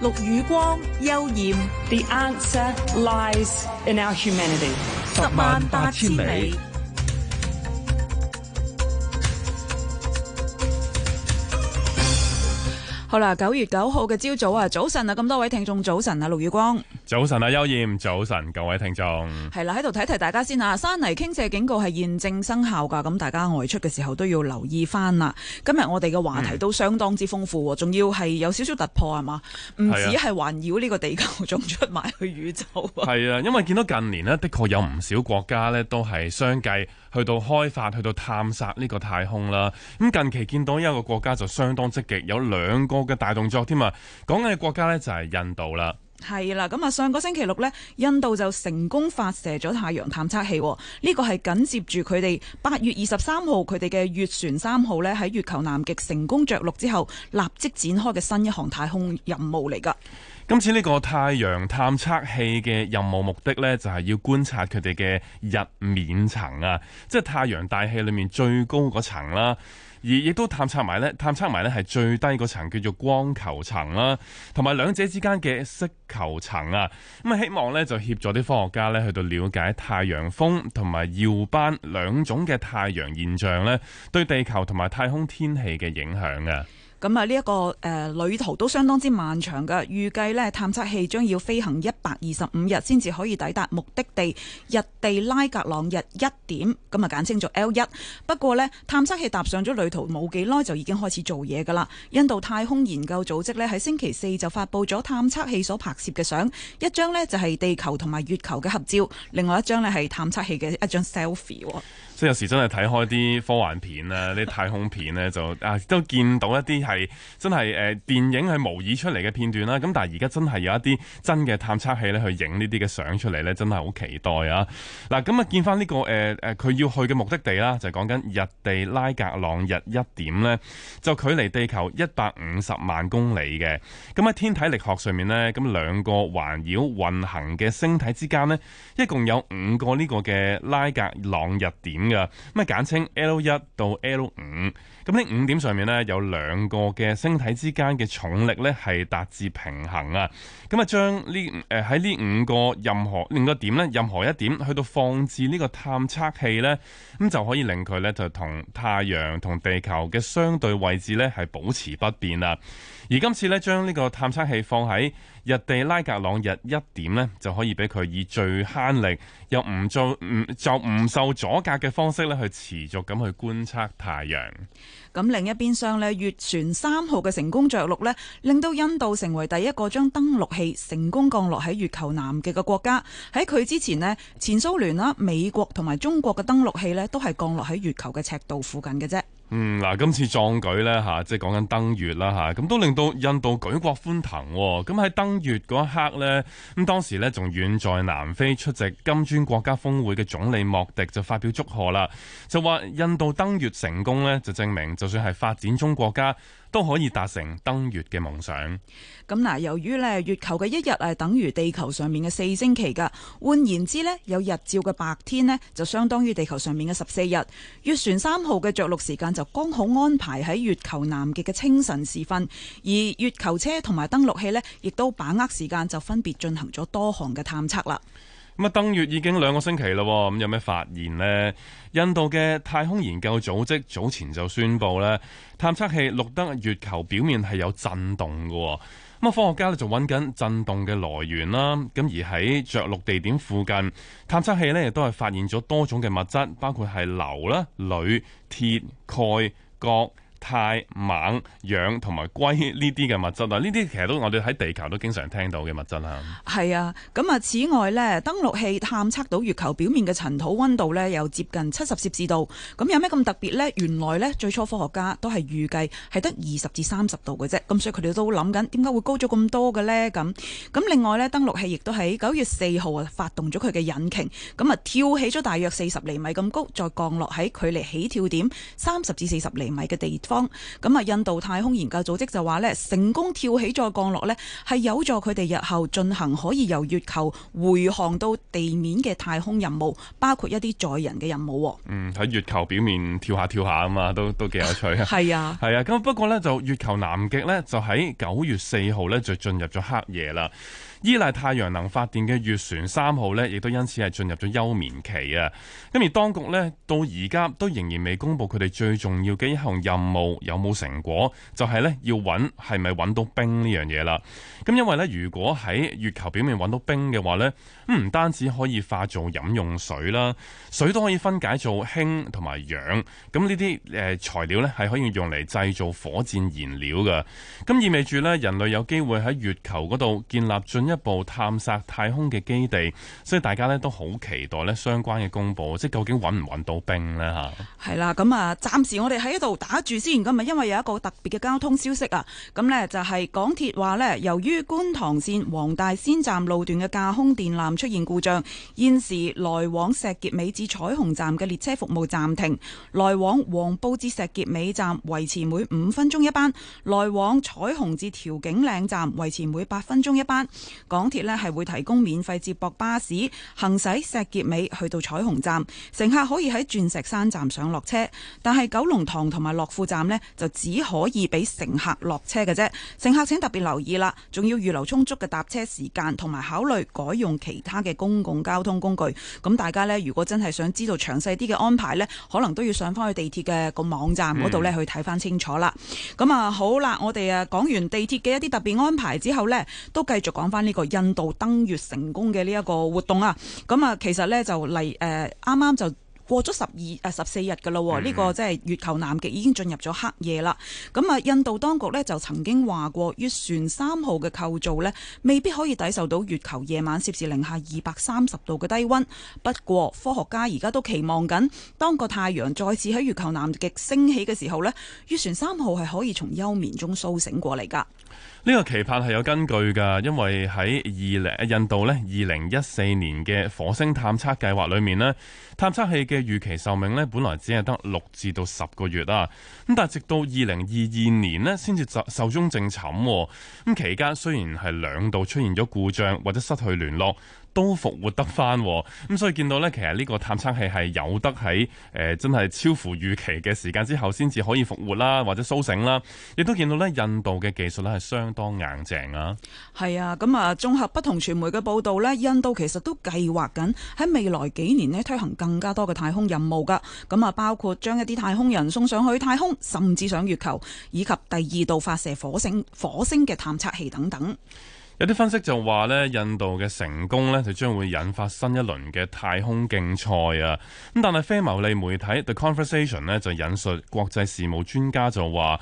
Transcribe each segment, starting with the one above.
綠雨光，悠然。The answer lies in our humanity。十萬八千里。好啦，九月九號嘅朝早啊，早晨啊，咁多位聽眾，早晨啊，綠雨光。早晨啊，邱艷，早晨，各位聽眾。係啦，喺度提提大家先啊，山泥傾瀉警告係現正生效噶，咁大家外出嘅時候都要留意翻啦。今日我哋嘅話題都相當之豐富，仲、嗯、要係有少少突破係嘛，唔止係環繞呢個地球，仲出埋去宇宙。係啊的，因為見到近年呢，的確有唔少國家呢都係相繼去到開發、去到探索呢個太空啦。咁近期見到一個國家就相當積極，有兩個嘅大動作添啊。講緊嘅國家呢，就係印度啦。係啦，咁啊，上個星期六呢，印度就成功發射咗太陽探測器，呢個係緊接住佢哋八月二十三號佢哋嘅月船三號呢，喺月球南極成功着陸之後立即展開嘅新一項太空任務嚟噶。今次呢個太陽探測器嘅任務目的呢，就係要觀察佢哋嘅日冕層啊，即係太陽大氣裏面最高嗰層啦。而亦都探測埋咧，探測埋咧係最低嗰層，叫做光球層啦，同埋兩者之間嘅色球層啊。咁啊，希望咧就協助啲科學家咧去到了解太陽風同埋耀斑兩種嘅太陽現象咧，對地球同埋太空天氣嘅影響啊。咁啊，呢一個旅途都相當之漫長㗎。預計呢探測器將要飛行一百二十五日先至可以抵達目的地日地拉格朗日一點，咁啊，簡稱做 L 一。不過呢探測器踏上咗旅途冇幾耐就已經開始做嘢㗎啦。印度太空研究組織呢，喺星期四就發布咗探測器所拍攝嘅相，一張呢就係地球同埋月球嘅合照，另外一張呢係探測器嘅一張 selfie 喎。即係有時真係睇開啲科幻片啊，啲太空片咧、啊、就啊都見到一啲係真係誒、呃、電影係模擬出嚟嘅片段啦、啊。咁但係而家真係有一啲真嘅探測器咧去影呢啲嘅相出嚟咧，真係好期待啊！嗱、啊，咁啊見翻呢、呢個誒佢、呃、要去嘅目的地啦、啊，就講緊日地拉格朗日一點咧，就距離地球一百五十萬公里嘅。咁喺天體力學上面咧，咁兩個環繞運行嘅星體之間咧，一共有五個呢個嘅拉格朗日點。咁啊，簡稱 L 一到 L 五，咁呢五點上面咧，有兩個嘅星體之間嘅重力咧係達至平衡啊，咁啊將呢誒喺呢五個任何另一個點咧，任何一點去到放置呢個探測器咧，咁就可以令佢咧就同太陽同地球嘅相對位置咧係保持不變啦。而今次咧，將呢個探測器放喺日地拉格朗日一點呢就可以俾佢以最慳力又唔做唔就唔受阻隔嘅方式咧，去持續咁去觀測太陽。咁另一邊廂呢，月船三號嘅成功着陸呢，令到印度成為第一個將登陸器成功降落喺月球南極嘅國家。喺佢之前呢，前蘇聯啦、美國同埋中國嘅登陸器呢，都係降落喺月球嘅赤道附近嘅啫。嗯，嗱，今次壯舉咧吓，即係講緊登月啦吓，咁都令到印度舉國歡騰。咁喺登月嗰一刻呢，咁當時呢，仲遠在南非出席金磚國家峰會嘅總理莫迪就發表祝賀啦，就話印度登月成功呢，就證明就算係發展中國家，都可以達成登月嘅夢想。咁嗱，由於咧月球嘅一日係等於地球上面嘅四星期噶換言之呢，有日照嘅白天呢，就相當於地球上面嘅十四日。月船三號嘅着陸時間就剛好安排喺月球南極嘅清晨時分，而月球車同埋登陸器呢，亦都把握時間就分別進行咗多項嘅探測啦。咁登月已經兩個星期啦，咁有咩發現呢？印度嘅太空研究組織早前就宣布咧，探測器錄得月球表面係有震動嘅。咁科學家咧就揾緊震動嘅來源啦。咁而喺着陸地點附近，探測器咧亦都係發現咗多種嘅物質，包括係硫啦、鋁、鐵、鈣、鈉。太猛，氧同埋硅呢啲嘅物質啊，呢啲其實都我哋喺地球都經常聽到嘅物質啦。係啊，咁啊，此外呢，登陸器探測到月球表面嘅塵土溫度呢，又接近七十攝氏度。咁有咩咁特別呢？原來呢，最初科學家都係預計係得二十至三十度嘅啫。咁所以佢哋都諗緊，點解會高咗咁多嘅呢。咁咁另外呢，登陸器亦都喺九月四號啊，發動咗佢嘅引擎，咁啊跳起咗大約四十厘米咁高，再降落喺距離起跳點三十至四十厘米嘅地方。咁啊，印度太空研究組織就話咧，成功跳起再降落咧，係有助佢哋日後進行可以由月球回航到地面嘅太空任務，包括一啲載人嘅任務。嗯，喺月球表面跳下跳下啊嘛，都都幾有趣 啊！係啊，係啊。咁不過咧，就月球南極咧，就喺九月四號咧，就進入咗黑夜啦。依賴太陽能發電嘅月船三號呢，亦都因此係進入咗休眠期啊！咁而當局呢，到而家都仍然未公布佢哋最重要嘅一項任務有冇成果，就係呢，要揾，係咪揾到冰呢樣嘢啦。咁因為呢，如果喺月球表面揾到冰嘅話呢，唔單止可以化做飲用水啦，水都可以分解做氫同埋氧。咁呢啲誒材料呢，係可以用嚟製造火箭燃料㗎。咁意味住呢，人類有機會喺月球嗰度建立進。一部探索太空嘅基地，所以大家呢都好期待呢相關嘅公布，即係究竟揾唔揾到冰呢？吓？係啦，咁啊，暫時我哋喺度打住先。咁咪因為有一個特別嘅交通消息啊，咁呢就係、是、港鐵話呢，由於觀塘綫黃大仙站路段嘅架空電纜出現故障，現時來往石硖尾至彩虹站嘅列車服務暫停，來往黃埔至石硖尾站維持每五分鐘一班，來往彩虹至調景嶺站維持每八分鐘一班。港鐵呢係會提供免費接駁巴士，行駛石硤尾去到彩虹站，乘客可以喺鑽石山站上落車，但係九龍塘同埋樂富站呢，就只可以俾乘客落車嘅啫。乘客請特別留意啦，仲要預留充足嘅搭車時間，同埋考慮改用其他嘅公共交通工具。咁大家呢，如果真係想知道詳細啲嘅安排呢，可能都要上翻去地鐵嘅個網站嗰度呢去睇翻清楚啦。咁、嗯、啊好啦，我哋啊講完地鐵嘅一啲特別安排之後呢，都繼續講翻。呢個印度登月成功嘅呢一個活動啊，咁啊，其實呢，就嚟誒，啱、呃、啱就過咗十二誒、呃、十四日噶啦，呢、mm hmm. 個即係月球南極已經進入咗黑夜啦。咁啊，印度當局呢，就曾經話過，月船三號嘅構造呢，未必可以抵受到月球夜晚攝氏零下二百三十度嘅低溫。不過科學家而家都期望緊，當個太陽再次喺月球南極升起嘅時候呢，月船三號係可以從休眠中甦醒過嚟噶。呢個期盼係有根據㗎，因為喺二零印度咧，二零一四年嘅火星探測計劃裏面呢，探測器嘅預期壽命呢，本來只係得六至到十個月啊，咁但係直到二零二二年呢，先至就壽終正寢。咁期間雖然係兩度出現咗故障或者失去聯絡，都復活得返咁，所以見到呢，其實呢個探測器係有得喺誒、呃，真係超乎預期嘅時間之後先至可以復活啦，或者蘇醒啦。亦都見到呢印度嘅技術呢係相當硬淨啊！係啊，咁啊，綜合不同傳媒嘅報道呢，印度其實都計劃緊喺未來幾年呢推行更加多嘅太空任務㗎。咁啊，包括將一啲太空人送上去太空，甚至上月球，以及第二度發射火星火星嘅探測器等等。有啲分析就話咧，印度嘅成功咧就將會引發新一輪嘅太空競賽啊！咁但係非牟利媒體 The Conversation 呢就引述國際事務專家就話，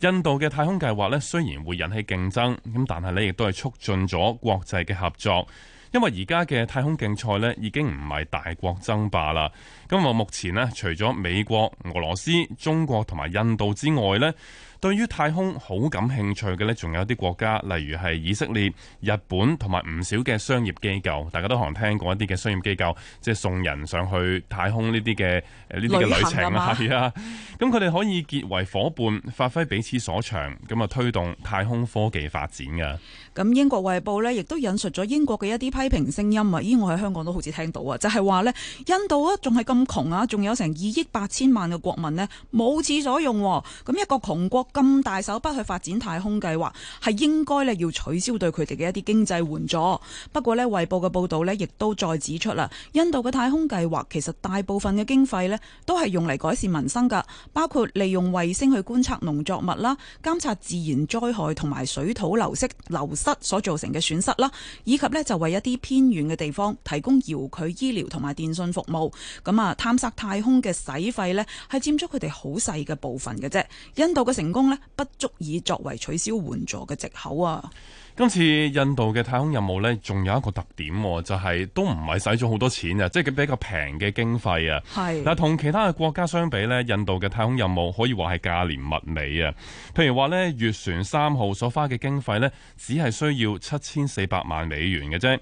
印度嘅太空計劃咧雖然會引起競爭，咁但係咧亦都係促進咗國際嘅合作，因為而家嘅太空競賽咧已經唔係大國爭霸啦。咁我目前呢除咗美國、俄羅斯、中國同埋印度之外咧。對於太空好感興趣嘅呢，仲有啲國家，例如係以色列、日本同埋唔少嘅商業機構，大家都可能聽過一啲嘅商業機構即係送人上去太空呢啲嘅呢啲嘅旅程啊，咁佢哋可以結為伙伴，發揮彼此所長，咁啊，推動太空科技發展㗎。咁英國《衛報》呢，亦都引述咗英國嘅一啲批評聲音啊，咦我喺香港都好似聽到啊，就係、是、話呢印度啊仲係咁窮啊，仲有成二億八千萬嘅國民呢，冇廁所用喎、啊，咁一個窮國。咁大手筆去發展太空計劃，係應該咧要取消對佢哋嘅一啲經濟援助。不過呢衞報嘅報導呢亦都再指出啦，印度嘅太空計劃其實大部分嘅經費呢都係用嚟改善民生㗎，包括利用衛星去觀察農作物啦、監察自然災害同埋水土流失流失所造成嘅損失啦，以及呢就為一啲偏遠嘅地方提供遙距醫療同埋電信服務。咁啊，探索太空嘅使費呢係佔咗佢哋好細嘅部分嘅啫。印度嘅成功，不足以作為取消援助嘅借口啊！今次印度嘅太空任務呢，仲有一個特點就是是，就係都唔係使咗好多錢啊，即係比較平嘅經費啊。係是，但係同其他嘅國家相比呢，印度嘅太空任務可以話係價廉物美啊。譬如話呢，月船三號所花嘅經費呢，只係需要七千四百萬美元嘅啫。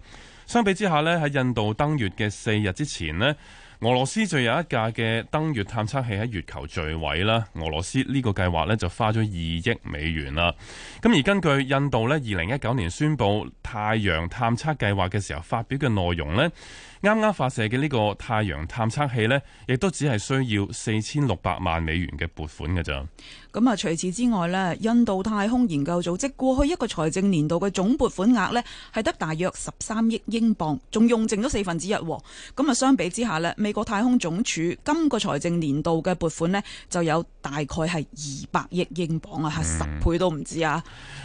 相比之下呢，喺印度登月嘅四日之前呢，俄羅斯最有一架嘅登月探測器喺月球墜毀啦，俄羅斯呢個計劃咧就花咗二億美元啦。咁而根據印度咧二零一九年宣布太陽探測計劃嘅時候發表嘅內容呢，啱啱發射嘅呢個太陽探測器呢，亦都只係需要四千六百萬美元嘅撥款㗎咋。咁啊，除此之外咧，印度太空研究組織過去一個財政年度嘅總撥款額咧，係得大約十三億英鎊，仲用剩咗四分之一。咁啊，相比之下咧，美國太空總署今個財政年度嘅撥款咧，就有大概係二百億英鎊啊，吓、嗯、十倍都唔止啊！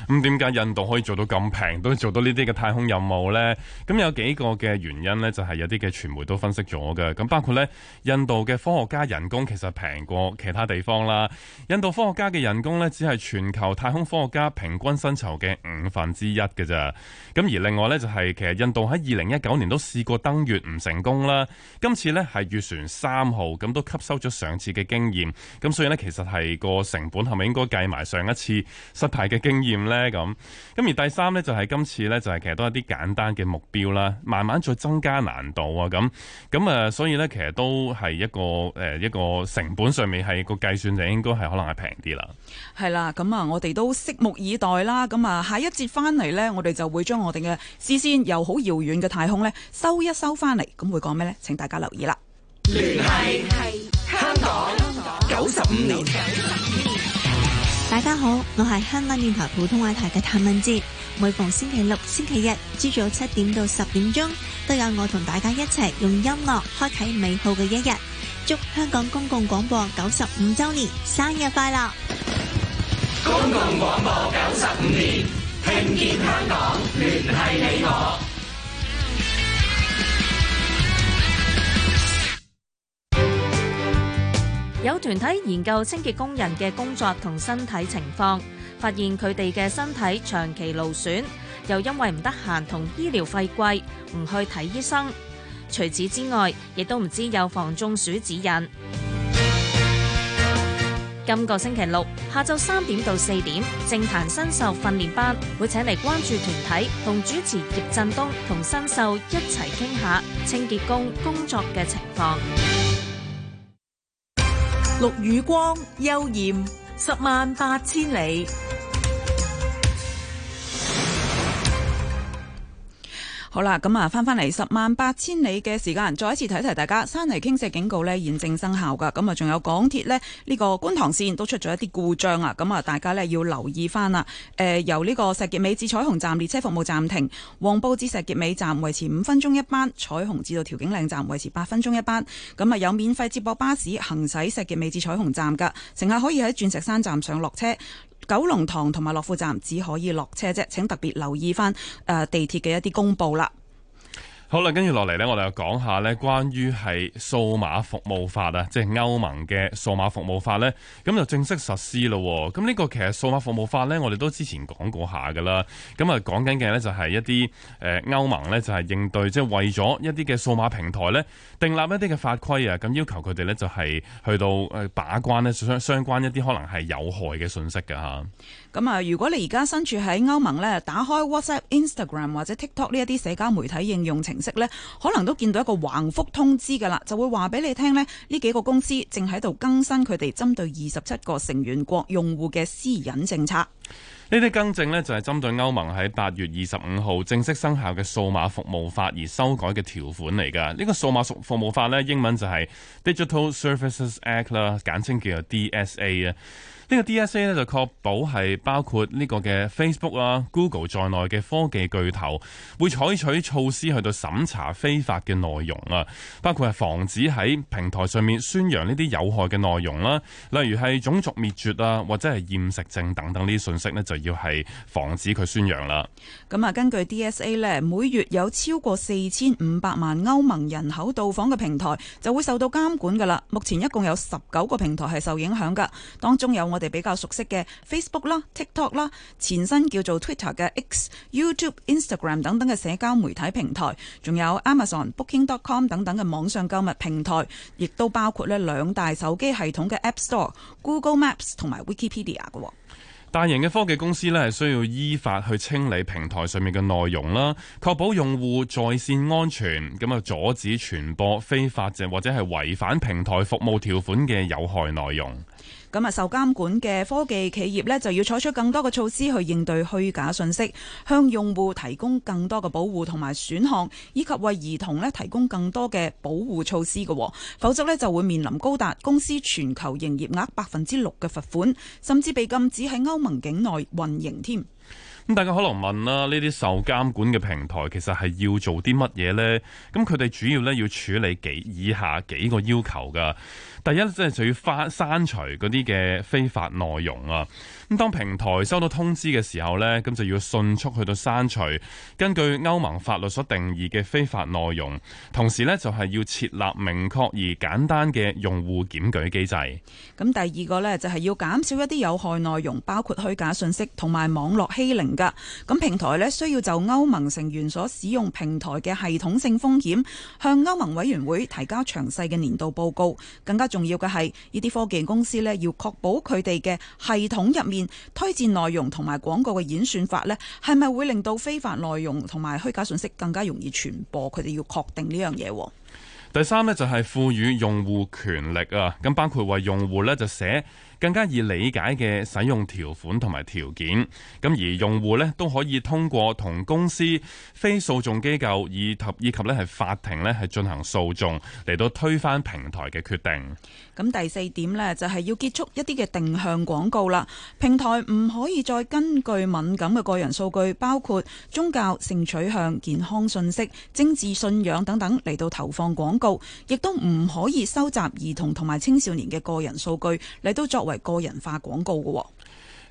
咁點解，印度可以做到咁平，都做到呢啲嘅太空任務咧？咁有幾個嘅原因咧，就係有啲嘅傳媒都分析咗嘅。咁包括咧，印度嘅科學家人工其實平過其他地方啦，印度科學。家嘅人工呢，只係全球太空科學家平均薪酬嘅五分之一嘅咋。咁而另外呢，就係其實印度喺二零一九年都試過登月唔成功啦。今次呢，係月船三號，咁都吸收咗上次嘅經驗。咁所以呢，其實係個成本係咪應該計埋上一次失敗嘅經驗呢？咁咁而第三呢，就係今次呢，就係其實都係一啲簡單嘅目標啦，慢慢再增加難度啊。咁咁啊，所以呢，其實都係一個誒一個成本上面係個計算就應該係可能係平啲啦，係啦，咁啊，我哋都拭目以待啦。咁啊，下一節翻嚟呢，我哋就會將我哋嘅視線由好遙遠嘅太空呢收一收翻嚟，咁會講咩呢？請大家留意啦。聯繫係香港九十五年，年大家好，我係香港電台普通話台嘅譚文哲。每逢星期六、星期日朝早七點到十點鐘，都有我同大家一齊用音樂開啟美好嘅一日。祝香港公共廣播九十五周年生日快樂！公共廣播九十五年，聽見香港，聯繫你我。有團體研究清潔工人嘅工作同身體情況，發現佢哋嘅身體長期勞損，又因為唔得閒同醫療費貴，唔去睇醫生。除此之外，亦都唔知道有防中暑指引。今個星期六下晝三點到四點，政壇新秀訓練班會請嚟關注團體同主持葉振東同新秀一齊傾下清潔工工作嘅情況。陸宇光幼炎，十萬八千里。好啦，咁啊，翻翻嚟十萬八千里嘅時間，再一次提一提大家，山泥傾瀉警告咧現正生效噶。咁啊，仲有港鐵咧呢、呢個觀塘線都出咗一啲故障啊。咁啊，大家咧要留意翻啦。誒、呃、由呢個石硖尾至彩虹站列車服務暫停，黃埔至石硖尾站維持五分鐘一班，彩虹至到調景嶺站維持八分鐘一班。咁啊，有免費接駁巴士行駛石硖尾至彩虹站噶，乘客可以喺鑽石山站上落車，九龍塘同埋樂富站只可以落車啫。請特別留意翻誒地鐵嘅一啲公布啦。好啦，跟住落嚟咧，我哋又講下咧，關於係數碼服務法啊，即係歐盟嘅數碼服務法咧，咁就正式實施咯。咁呢個其實數碼服務法咧，我哋都之前講過下噶啦。咁啊，講緊嘅咧就係一啲誒，歐盟咧就係應對，即係為咗一啲嘅數碼平台咧，訂立一啲嘅法規啊，咁要求佢哋咧就係去到誒把關咧相相關一啲可能係有害嘅信息㗎。吓。咁啊！如果你而家身處喺歐盟咧，打開 WhatsApp、Instagram 或者 TikTok 呢一啲社交媒體應用程式咧，可能都見到一個橫幅通知㗎啦，就會話俾你聽咧，呢幾個公司正喺度更新佢哋針對二十七個成員國用戶嘅私隱政策。呢啲更正呢，就係針對歐盟喺八月二十五號正式生效嘅數碼服務法而修改嘅條款嚟噶。呢個數碼服務法呢，英文就係 Digital Services Act 啦，簡稱叫做 DSA 啊。呢個 DSA 呢，就確保係包括呢個嘅 Facebook 啦、Google 在內嘅科技巨頭會採取措施去到審查非法嘅內容啊，包括係防止喺平台上面宣揚呢啲有害嘅內容啦，例如係種族滅絕啊，或者係厭食症等等呢啲。息呢就要係防止佢宣揚啦。咁啊，根據 DSA 咧，每月有超過四千五百萬歐盟人口到訪嘅平台就會受到監管噶啦。目前一共有十九個平台係受影響噶，當中有我哋比較熟悉嘅 Facebook 啦、TikTok 啦、前身叫做 Twitter 嘅 X、YouTube、Instagram 等等嘅社交媒體平台，仲有 Amazon、Booking.com 等等嘅網上購物平台，亦都包括呢兩大手機系統嘅 App Store、Google Maps 同埋 Wikipedia 嘅。大型嘅科技公司咧，係需要依法去清理平台上面嘅內容啦，確保用戶在線安全，咁啊阻止傳播非法嘅或者係違反平台服務條款嘅有害內容。咁啊，受監管嘅科技企業咧，就要採取更多嘅措施去應對虛假信息，向用戶提供更多嘅保護同埋選項，以及為兒童咧提供更多嘅保護措施嘅，否則咧就會面臨高達公司全球營業額百分之六嘅罰款，甚至被禁止喺歐盟境內運營添。咁大家可能問啦，呢啲受監管嘅平台其實係要做啲乜嘢呢？咁佢哋主要咧要處理幾以下幾個要求噶。第一即係就要要發刪除嗰啲嘅非法內容啊。咁當平台收到通知嘅時候咧，咁就要迅速去到刪除根據歐盟法律所定義嘅非法內容，同時咧就係要設立明確而簡單嘅用戶檢舉機制。咁第二個咧就係要減少一啲有害內容，包括虛假信息同埋網絡欺凌噶。咁平台咧需要就歐盟成員所使用平台嘅系統性風險，向歐盟委員會提交詳細嘅年度報告，更加。重要嘅係呢啲科技公司咧，要確保佢哋嘅系統入面推薦內容同埋廣告嘅演算法咧，係咪會令到非法內容同埋虛假信息更加容易傳播？佢哋要確定呢樣嘢。第三咧就係賦予用戶權力啊，咁包括為用戶咧就寫。更加易理解嘅使用條款同埋條件，咁而用戶咧都可以通過同公司、非訴訟機構以及以及咧係法庭咧係進行訴訟嚟到推翻平台嘅決定。咁第四點咧就係要結束一啲嘅定向廣告啦，平台唔可以再根據敏感嘅個人數據，包括宗教、性取向、健康信息、政治信仰等等嚟到投放廣告，亦都唔可以收集兒童同埋青少年嘅個人數據嚟到作為。個人化廣告嘅、哦，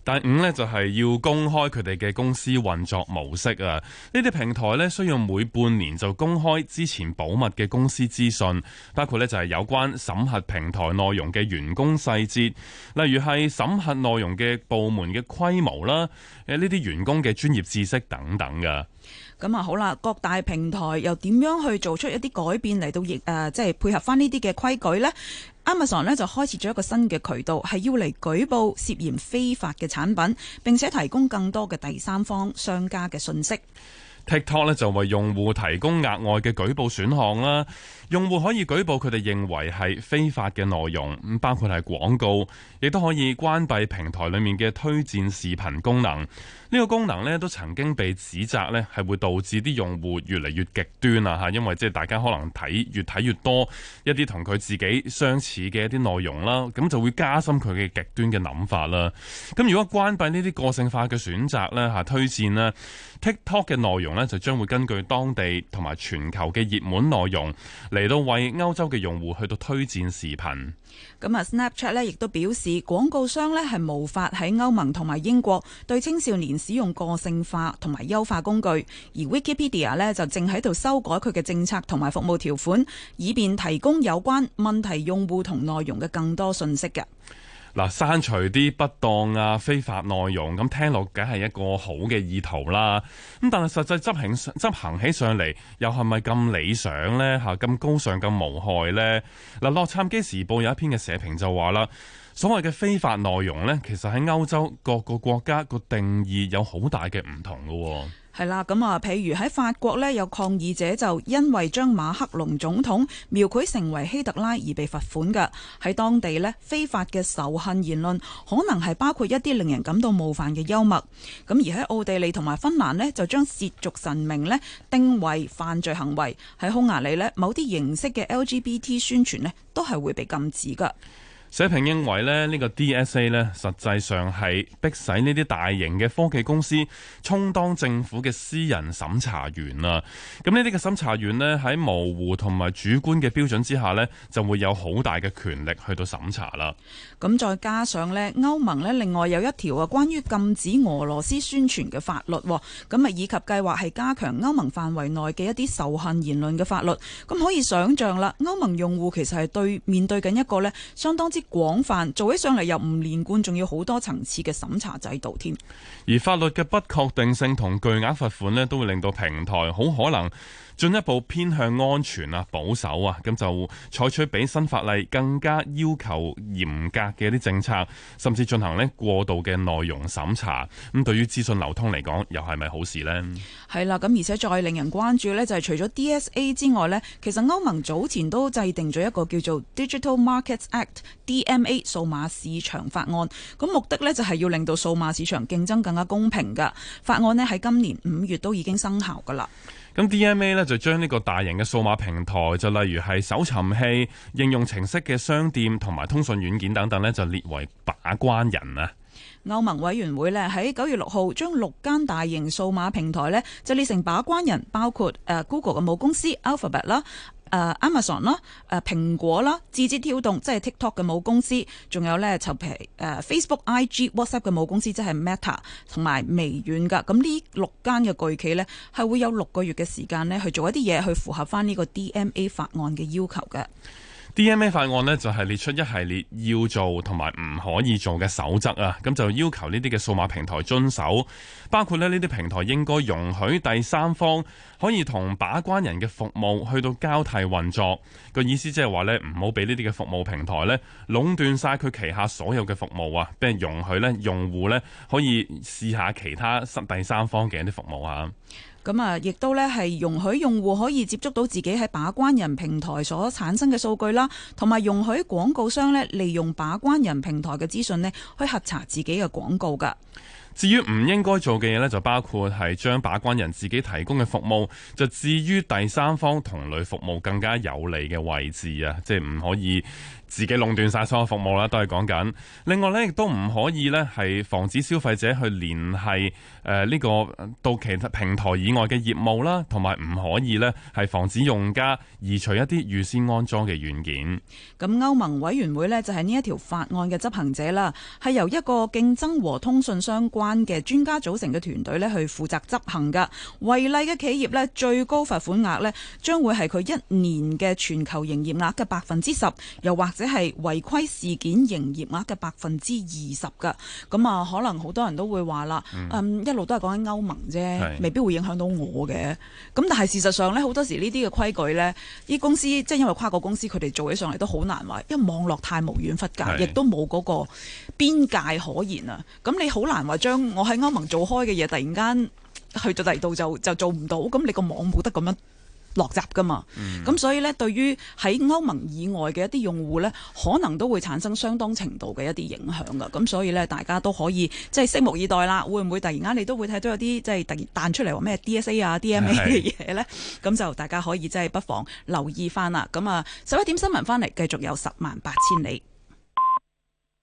第五呢，就係要公開佢哋嘅公司運作模式啊！呢啲平台呢，需要每半年就公開之前保密嘅公司資訊，包括呢，就係有關審核平台內容嘅員工細節，例如係審核內容嘅部門嘅規模啦，誒呢啲員工嘅專業知識等等嘅。咁啊好啦，各大平台又點樣去做出一啲改變嚟到亦誒即係配合翻呢啲嘅規矩呢？Amazon 咧就開設咗一個新嘅渠道，係要嚟舉報涉嫌非法嘅產品，並且提供更多嘅第三方商家嘅信息。TikTok 咧就為用戶提供額外嘅舉報選項啦，用戶可以舉報佢哋認為係非法嘅內容，咁包括係廣告，亦都可以關閉平台裏面嘅推薦視頻功能。呢個功能咧都曾經被指責咧係會導致啲用戶越嚟越極端啊嚇，因為即係大家可能睇越睇越多一啲同佢自己相似嘅一啲內容啦，咁就會加深佢嘅極端嘅諗法啦。咁如果關閉呢啲個性化嘅選擇咧嚇推薦呢 TikTok 嘅內容呢，就將會根據當地同埋全球嘅熱門內容嚟到為歐洲嘅用戶去到推薦視頻。咁啊 那，Snapchat 咧亦都表示廣告商咧係無法喺歐盟同埋英國對青少年使用個性化同埋優化工具，而 Wikipedia 咧就正喺度修改佢嘅政策同埋服務條款，以便提供有關問題用戶同內容嘅更多信息嘅。嗱，刪除啲不當啊、非法內容，咁聽落梗係一個好嘅意圖啦。咁但係實際執行執行起上嚟，又係咪咁理想呢？嚇，咁高尚、咁無害呢？嗱，《洛杉磯時報》有一篇嘅社評就話啦。所謂嘅非法內容呢，其實喺歐洲各個國家個定義有好大嘅唔同咯。係啦，咁啊，譬如喺法國呢，有抗議者就因為將馬克龍總統描繪成為希特拉而被罰款㗎。喺當地呢，非法嘅仇恨言論可能係包括一啲令人感到冒犯嘅幽默。咁而喺奧地利同埋芬蘭呢，就將褻瀆神明呢定位犯罪行為。喺匈牙利呢，某啲形式嘅 LGBT 宣傳呢，都係會被禁止噶。社評認為呢個 DSA 呢實際上係迫使呢啲大型嘅科技公司充當政府嘅私人審查員咁呢啲嘅審查員呢喺模糊同埋主觀嘅標準之下呢就會有好大嘅權力去到審查啦。咁再加上呢歐盟呢另外有一條啊，關於禁止俄羅斯宣傳嘅法律，咁啊，以及計劃係加強歐盟範圍內嘅一啲仇恨言論嘅法律。咁可以想象啦，歐盟用戶其實係對面對緊一個相當之。廣泛做起上嚟又唔連貫，仲要好多層次嘅審查制度添。而法律嘅不確定性同巨額罰款呢，都會令到平台好可能，進一步偏向安全啊、保守啊，咁就採取比新法例更加要求嚴格嘅一啲政策，甚至進行呢過度嘅內容審查。咁對於資訊流通嚟講，又係咪好事呢？係啦，咁而且再令人關注呢，就係、是、除咗 DSA 之外，其實歐盟早前都制定咗一個叫做 Digital Markets Act（DMA） 數碼市場法案。咁目的呢，就係要令到數碼市場競爭更加公平噶。法案呢，喺今年五月都已經生效噶啦。咁 DMA 咧就將呢個大型嘅數碼平台，就例如係搜尋器、應用程式嘅商店同埋通訊軟件等等咧，就列為把關人啦。歐盟委員會咧喺九月六號將六間大型數碼平台咧就列成把關人，包括誒 Google 嘅母公司 Alphabet 啦。誒、uh, Amazon 啦，誒蘋果啦，字節跳動即係、就是、TikTok 嘅母公司，仲有咧就譬、是、誒 Facebook、IG、WhatsApp 嘅母公司即係、就是、Meta 同埋微軟㗎。咁呢六間嘅巨企咧，係會有六個月嘅時間咧去做一啲嘢去符合翻呢個 DMA 法案嘅要求嘅。DMA 法案咧就係列出一系列要做同埋唔可以做嘅守則啊，咁就要求呢啲嘅數碼平台遵守，包括咧呢啲平台應該容許第三方可以同把關人嘅服務去到交替運作。個意思即係話咧唔好俾呢啲嘅服務平台咧壟斷晒佢旗下所有嘅服務啊，俾人容許咧用戶咧可以試下其他第三方嘅一啲服務啊。咁啊，亦都咧係容許用戶可以接觸到自己喺把關人平台所產生嘅數據啦，同埋容許廣告商咧利用把關人平台嘅資訊呢去核查自己嘅廣告㗎。至於唔應該做嘅嘢咧，就包括係將把，把關人自己提供嘅服務，就置於第三方同類服務更加有利嘅位置啊！即係唔可以自己壟斷晒所有服務啦，都係講緊。另外呢亦都唔可以呢係防止消費者去聯繫誒呢個到其他平台以外嘅業務啦，同埋唔可以呢係防止用家移除一啲預先安裝嘅軟件。咁歐盟委員會呢，就係呢一條法案嘅執行者啦，係由一個競爭和通訊相關關嘅專家組成嘅團隊咧，去負責執行噶。違例嘅企業咧，最高罰款額咧，將會係佢一年嘅全球營業額嘅百分之十，又或者係違規事件營業額嘅百分之二十噶。咁啊，可能好多人都會話啦，嗯，嗯，一路都係講緊歐盟啫，未必會影響到我嘅。咁但係事實上咧，好多時呢啲嘅規矩咧，啲公司即係因為跨國公司，佢哋做起上嚟都好難話，因為網絡太無遠弗屆，是 亦都冇嗰個邊界可言啊。咁你好難話將。我喺歐盟做開嘅嘢，突然間去到第二度就就做唔到，咁你個網冇得咁樣落閘噶嘛？咁、嗯、所以呢，對於喺歐盟以外嘅一啲用戶呢，可能都會產生相當程度嘅一啲影響噶。咁所以呢，大家都可以即係、就是、拭目以待啦。會唔會突然間你都會睇到有啲即係突然彈出嚟話咩 DSA 啊 DMA 嘅嘢呢？咁是就大家可以即係、就是、不妨留意翻啦。咁啊，十一點新聞翻嚟，繼續有十萬八千里。